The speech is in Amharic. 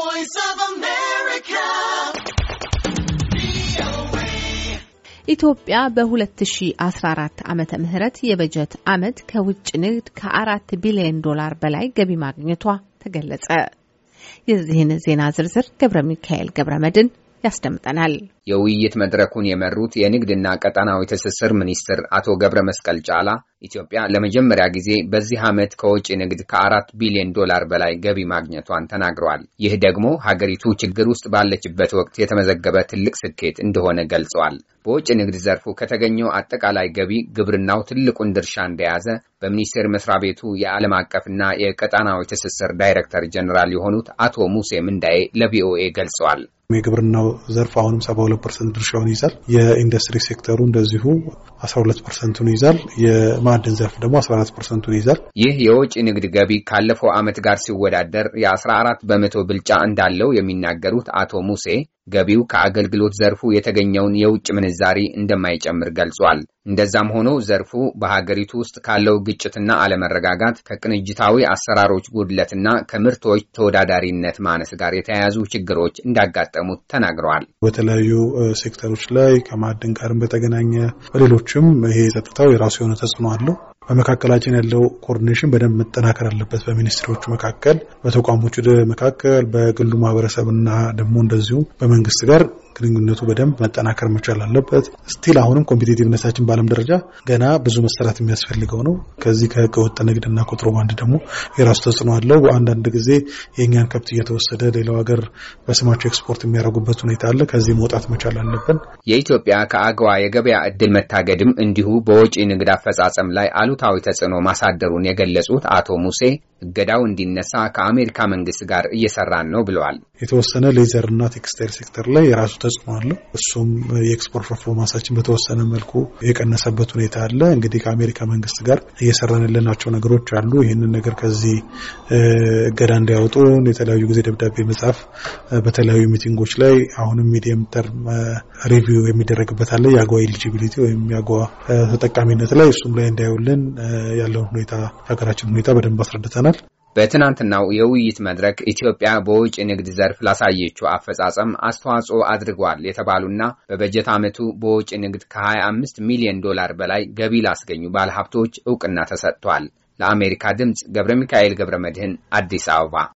voice of America. ኢትዮጵያ በ2014 ዓመተ ምህረት የበጀት ዓመት ከውጭ ንግድ ከ ከ4 ቢሊዮን ዶላር በላይ ገቢ ማግኘቷ ተገለጸ። የዚህን ዜና ዝርዝር ገብረ ሚካኤል ገብረ መድን ያስደምጠናል። የውይይት መድረኩን የመሩት የንግድና ቀጠናዊ ትስስር ሚኒስትር አቶ ገብረ መስቀል ጫላ ኢትዮጵያ ለመጀመሪያ ጊዜ በዚህ ዓመት ከውጭ ንግድ ከአራት ቢሊዮን ዶላር በላይ ገቢ ማግኘቷን ተናግረዋል። ይህ ደግሞ ሀገሪቱ ችግር ውስጥ ባለችበት ወቅት የተመዘገበ ትልቅ ስኬት እንደሆነ ገልጸዋል። በውጭ ንግድ ዘርፉ ከተገኘው አጠቃላይ ገቢ ግብርናው ትልቁን ድርሻ እንደያዘ በሚኒስቴር መስሪያ ቤቱ የዓለም አቀፍና የቀጣናዊ ትስስር ዳይሬክተር ጀኔራል የሆኑት አቶ ሙሴ ምንዳዬ ለቪኦኤ ገልጸዋል። የግብርናው ዘርፍ አሁንም ሰባ ፐርሰንት ድርሻውን ይዛል። የኢንዱስትሪ ሴክተሩ እንደዚሁ 12 ፐርሰንቱን ይዛል። የማዕድን ዘርፍ ደግሞ 14 ፐርሰንቱን ይዛል። ይህ የውጭ ንግድ ገቢ ካለፈው ዓመት ጋር ሲወዳደር የ14 በመቶ ብልጫ እንዳለው የሚናገሩት አቶ ሙሴ ገቢው ከአገልግሎት ዘርፉ የተገኘውን የውጭ ምንዛሪ እንደማይጨምር ገልጿል። እንደዛም ሆኖ ዘርፉ በሀገሪቱ ውስጥ ካለው ግጭትና አለመረጋጋት ከቅንጅታዊ አሰራሮች ጉድለትና ከምርቶች ተወዳዳሪነት ማነስ ጋር የተያያዙ ችግሮች እንዳጋጠሙት ተናግረዋል። በተለያዩ ሴክተሮች ላይ ከማዕድን ጋርም በተገናኘ በሌሎችም ይሄ ጸጥታው የራሱ የሆነ ተጽዕኖ አለው። በመካከላችን ያለው ኮኦርዲኔሽን በደንብ መጠናከር አለበት። በሚኒስትሮቹ መካከል፣ በተቋሞቹ መካከል፣ በግሉ ማህበረሰብና ደግሞ እንደዚሁ በመንግስት ጋር ግንኙነቱ በደንብ መጠናከር መቻል አለበት። ስቲል አሁንም ኮምፒቴቲቭነታችን በዓለም ደረጃ ገና ብዙ መሰራት የሚያስፈልገው ነው። ከዚህ ከህገ ወጥ ንግድና ኮንትሮባንድ ደግሞ የራሱ ተጽዕኖ አለው። አንዳንድ ጊዜ የእኛን ከብት እየተወሰደ ሌላው ሀገር በስማቸው ኤክስፖርት የሚያደርጉበት ሁኔታ አለ። ከዚህ መውጣት መቻል አለብን። የኢትዮጵያ ከአግዋ የገበያ እድል መታገድም እንዲሁ በወጪ ንግድ አፈጻጸም ላይ አሉታዊ ተጽዕኖ ማሳደሩን የገለጹት አቶ ሙሴ እገዳው እንዲነሳ ከአሜሪካ መንግስት ጋር እየሰራን ነው ብለዋል። የተወሰነ ሌዘር እና ቴክስታይል ሴክተር ላይ የራሱ ተጽዕኖ አለው። እሱም የኤክስፖርት ፐርፎርማንሳችን በተወሰነ መልኩ የቀነሰበት ሁኔታ አለ። እንግዲህ ከአሜሪካ መንግስት ጋር እየሰራን ያለናቸው ነገሮች አሉ። ይህንን ነገር ከዚህ እገዳ እንዲያወጡን የተለያዩ ጊዜ ደብዳቤ መጻፍ፣ በተለያዩ ሚቲንጎች ላይ አሁንም ሚዲየም ተርም ሪቪው የሚደረግበት አለ። የአጓ ኤሊጂቢሊቲ ወይም የአጓ ተጠቃሚነት ላይ እሱም ላይ እንዳይውልን ያለውን ሁኔታ የሀገራችን ሁኔታ በደንብ አስረድተናል። በትናንትናው የውይይት መድረክ ኢትዮጵያ በውጭ ንግድ ዘርፍ ላሳየችው አፈጻጸም አስተዋጽኦ አድርጓል የተባሉና በበጀት ዓመቱ በውጭ ንግድ ከ25 ሚሊዮን ዶላር በላይ ገቢ ላስገኙ ባለሀብቶች እውቅና ተሰጥቷል። ለአሜሪካ ድምፅ ገብረ ሚካኤል ገብረ መድህን አዲስ አበባ